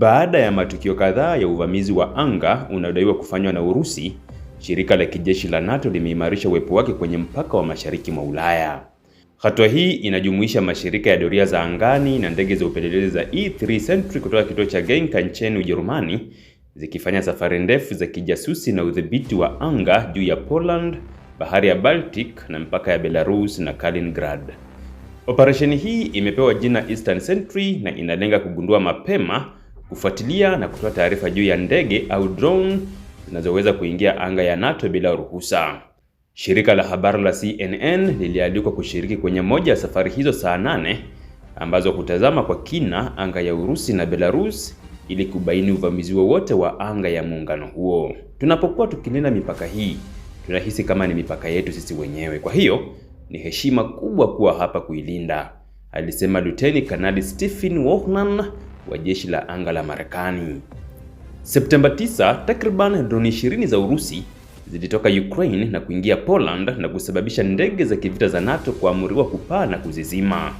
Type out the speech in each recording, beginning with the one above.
Baada ya matukio kadhaa ya uvamizi wa anga unaodaiwa kufanywa na Urusi, shirika la kijeshi la NATO limeimarisha uwepo wake kwenye mpaka wa mashariki mwa Ulaya. Hatua hii inajumuisha mashirika ya doria za angani na ndege za upelelezi za E3 Sentry kutoka kituo cha Genka nchini Ujerumani, zikifanya safari ndefu za kijasusi na udhibiti wa anga juu ya Poland, bahari ya Baltic na mpaka ya Belarus na Kaliningrad. Operesheni hii imepewa jina Eastern Sentry na inalenga kugundua mapema kufuatilia na kutoa taarifa juu ya ndege au drone zinazoweza kuingia anga ya NATO bila ruhusa. Shirika la habari la CNN lilialikwa kushiriki kwenye moja ya safari hizo saa nane ambazo hutazama kwa kina anga ya Urusi na Belarus ili kubaini uvamizi wowote wa anga ya muungano huo. Tunapokuwa tukilinda mipaka hii, tunahisi kama ni mipaka yetu sisi wenyewe, kwa hiyo ni heshima kubwa kuwa hapa kuilinda, alisema Luteni Kanali Stephen Wohnan wa jeshi la anga la Marekani. Septemba 9, takriban droni 20 za Urusi zilitoka Ukraine na kuingia Poland na kusababisha ndege za kivita za NATO kuamuriwa kupaa na kuzizima.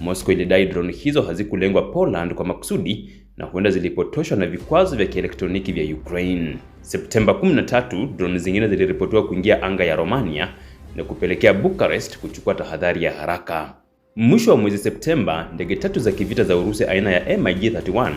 Moscow ilidai droni hizo hazikulengwa Poland kwa makusudi na huenda zilipotoshwa na vikwazo vya kielektroniki vya Ukraine. Septemba 13, droni zingine ziliripotiwa kuingia anga ya Romania na kupelekea Bucharest kuchukua tahadhari ya haraka. Mwisho wa mwezi Septemba, ndege tatu za kivita za Urusi aina ya MiG-31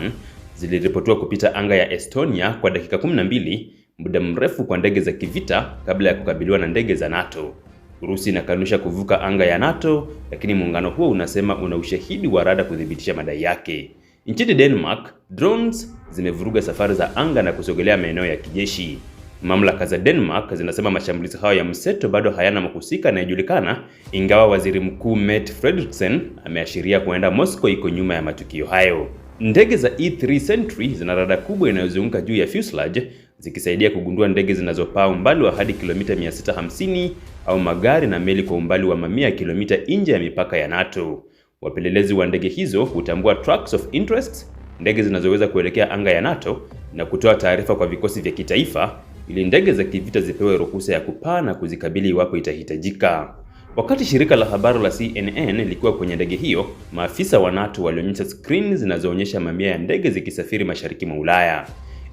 ziliripotiwa kupita anga ya Estonia kwa dakika 12, muda mrefu kwa ndege za kivita kabla ya kukabiliwa na ndege za NATO. Urusi inakanusha kuvuka anga ya NATO, lakini muungano huo unasema una ushahidi wa rada kuthibitisha madai yake. Nchini Denmark, drones zimevuruga safari za anga na kusogelea maeneo ya kijeshi. Mamlaka za Denmark zinasema mashambulizi hayo ya mseto bado hayana mhusika anayejulikana, ingawa waziri mkuu Mette Frederiksen ameashiria kuenda Moscow iko nyuma ya matukio hayo. Ndege za E3 Sentry zina rada kubwa inayozunguka juu ya fuselage zikisaidia kugundua ndege zinazopaa umbali wa hadi kilomita 650 au magari na meli kwa umbali wa mamia ya kilomita nje ya mipaka ya NATO. Wapelelezi wa ndege hizo hutambua tracks of interest, ndege zinazoweza kuelekea anga ya NATO na kutoa taarifa kwa vikosi vya kitaifa ili ndege za kivita zipewe ruhusa ya kupaa na kuzikabili iwapo itahitajika. Wakati shirika la habari la CNN likiwa kwenye ndege hiyo, maafisa wa NATO walionyesha skrini zinazoonyesha mamia ya ndege zikisafiri mashariki mwa Ulaya.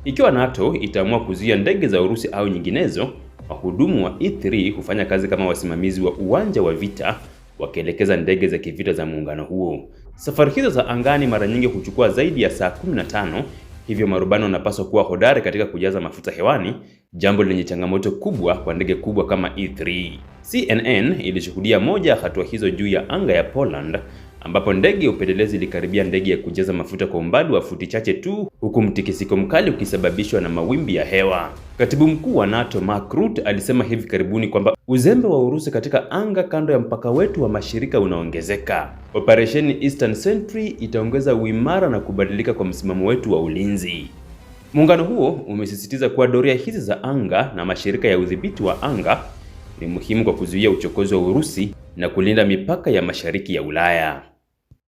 Ikiwa NATO itaamua kuzuia ndege za Urusi au nyinginezo, wahudumu wa E3 hufanya kazi kama wasimamizi wa uwanja wa vita, wakielekeza ndege za kivita za muungano huo. Safari hizo za angani mara nyingi huchukua zaidi ya saa 15 Hivyo marubani wanapaswa kuwa hodari katika kujaza mafuta hewani, jambo lenye changamoto kubwa kwa ndege kubwa kama E3. CNN ilishuhudia moja ya hatua hizo juu ya anga ya Poland ambapo ndege ya upelelezi ilikaribia ndege ya kujaza mafuta kwa umbali wa futi chache tu, huku mtikisiko mkali ukisababishwa na mawimbi ya hewa. Katibu mkuu wa NATO Mark Rutte alisema hivi karibuni kwamba uzembe wa Urusi katika anga kando ya mpaka wetu wa mashirika unaongezeka. Operesheni Eastern Sentry itaongeza uimara na kubadilika kwa msimamo wetu wa ulinzi. Muungano huo umesisitiza kuwa doria hizi za anga na mashirika ya udhibiti wa anga ni muhimu kwa kuzuia uchokozi wa Urusi na kulinda mipaka ya mashariki ya Ulaya.